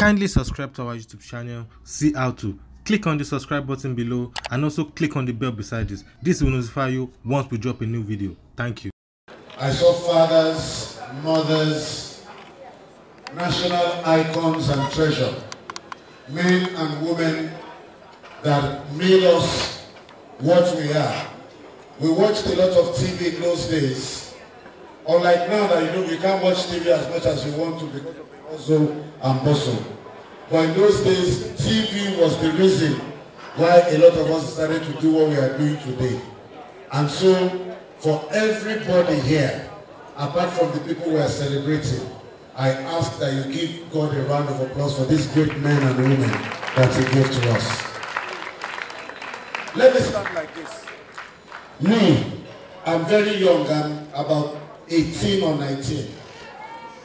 Kindly subscribe to our YouTube channel, see how to. Click on the subscribe button below and also click on the bell beside this. This will notify you once we drop a new video. Thank you. I saw fathers, mothers, national icons and treasure, men and women that made us what we are. We watched a lot of TV in those days. Unlike now that you know we can't watch TV as much as we want to because Also, and muscle. But in those days, TV was the reason why a lot of us started to do what we are doing today. And so, for everybody here, apart from the people we are celebrating, I ask that you give God a round of applause for these great men and women that He gave to us. Let me start like this. Me, I'm very young. I'm about 18 or 19.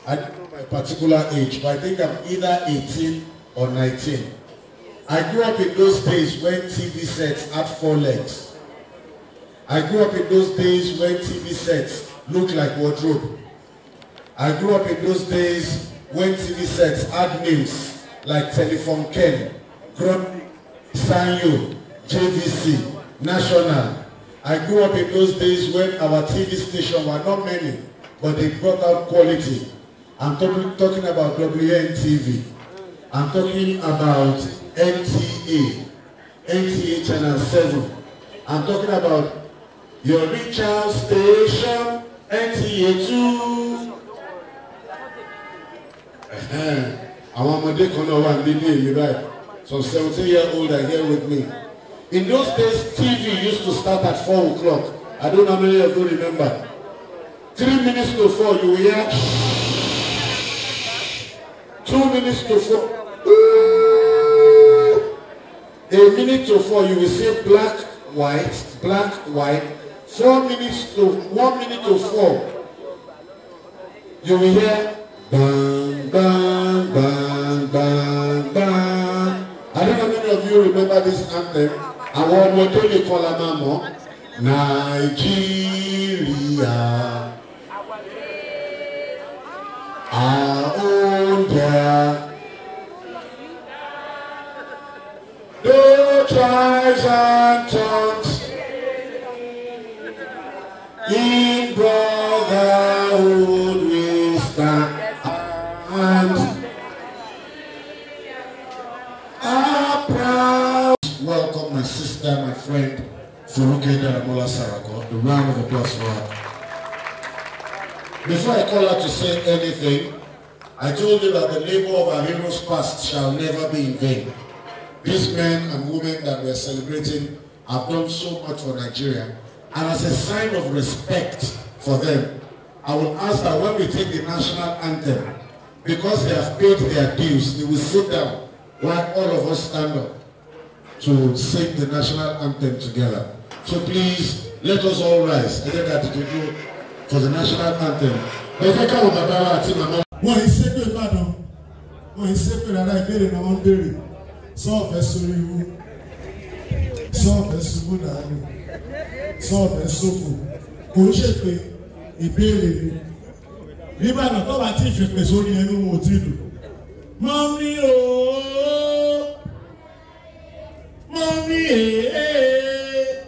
I don't know my particular age, but I think I'm either 18 or 19. I grew up in those days when TV sets had four legs. I grew up in those days when TV sets looked like wardrobe. I grew up in those days when TV sets had names like Telephone Ken, Grumpy, Sanyo, JVC, National. I grew up in those days when our TV stations were not many, but they brought out quality. I'm talking, talking about WNTV. I'm talking about NTA, NTA Channel 7. I'm talking about your Richard Station, NTA 2. Àwọn ọmọdé kan náà wà nílé èmi báyìí. Some seventeen year old are here with me. In those days, TV used to start at four o'clock. I don't know how many of you remember. Three minutes to four, you will hear. Two minutes to four. A minute to four, you will see black, white, black, white. Four minutes to one minute to four, you will hear bang, bang, bang, bang, bang. I don't know many of you remember this anthem. Àwọn ọmọdé lè kọ́ la máa mọ̀ Nàìjíríà. my sister, my friend, Furuke Daramola Sarako. A round of applause for her. Before I call her to say anything, I told you that the labor of our heroes past shall never be in vain. These men and women that we're celebrating have done so much for Nigeria. And as a sign of respect for them, I will ask that when we take the national anthem, because they have paid their dues, they will sit down while all of us stand up. to sing the national anthem together. So please, let us all rise. Ẹ jẹ́ ká dìde for the national anthem. Ẹ jẹ́ káwọn bàbá wa àti màmá. Wọ́n yìí ṣépè Ìbàdàn, wọ́n yìí ṣépè rárá ìbéèrè náà wọ́n ń béèrè. Sọ́ọ̀fẹ́ sórí iwu, sọ́ọ̀fẹ́ ṣubú dànù, sọ́ọ̀fẹ́ ṣòfò. Kò ń ṣèpè ìbéèrè ni. Nígbà náà tọ́ba tí ìfipè sórí ẹnu wọn ò tí ì dùn. Mọ́mí ooo. Eh, eh.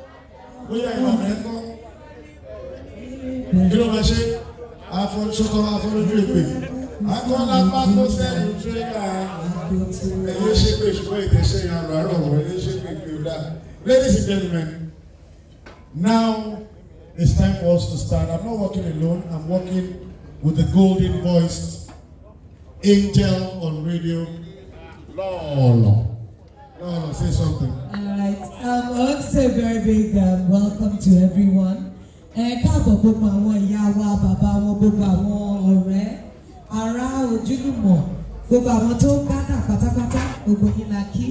ladies and gentlemen now it's time for us to start. i'm not working alone i'm working with the golden voiced angel on radio lọ́ọ̀lọ́. No, oh, no, say something. All right. Um, I want to say a very big um, welcome to everyone. Ẹ káàbọ̀ gbogbo àwọn ìyá wa, bàbá wọn, gbogbo àwọn ọ̀rẹ́, ará ojúlùmọ̀, gbogbo àwọn tó ń gádà pátápátá, gbogbo yín la kí.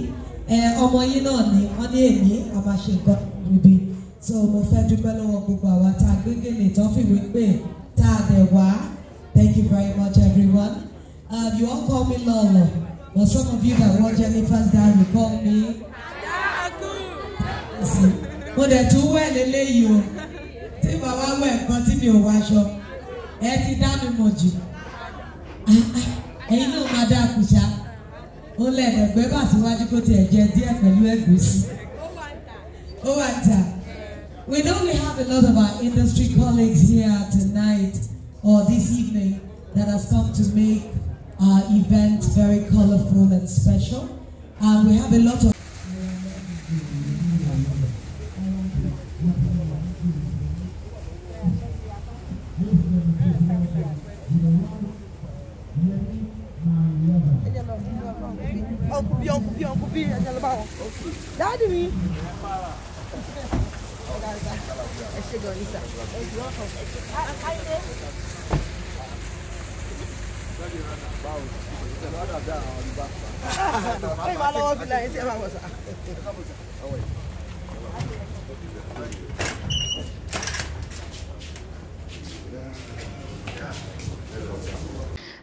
Ẹ ọmọ yín náà ni wọ́n ní èmi, a máa ṣe nǹkan níbi. So mo fẹ́ dúpẹ́ lọ́wọ́ gbogbo àwa tá a gbégélé tó fìwé pè tá a dẹ̀ wá. Thank you very much everyone. Um, you all call me Lolo. But some of you that watch Jennifer's dad, you call me. Mo dẹ̀ tún wẹ̀ léléyìí o. Tí bàbá wẹ̀ nǹkan tí mi ò wáṣọ. Ẹ ti dá mi mọ̀ jù. Ẹyin náà máa dá àkùṣà. Ó lẹ̀dẹ̀gbẹ́ bà síwájú kó tiẹ̀ jẹ díẹ̀ pẹ̀lú ẹ̀gúsí. Ó wà tà. We know we have a lot of our industry colleagues here tonight or this evening that has come to make uh, event very colorful and special. we have a lot of Daddy me.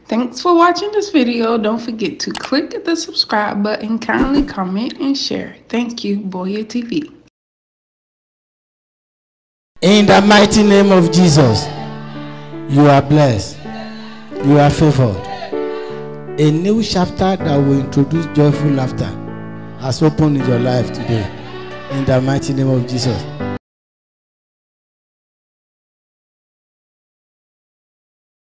Thanks for watching this video. Don't forget to click the subscribe button, kindly comment, and share. Thank you, Boya TV. In the mighty name of Jesus, you are blessed. You are favored. A new chapter that will introduce joyful laughter has opened in your life today. In the mighty name of Jesus.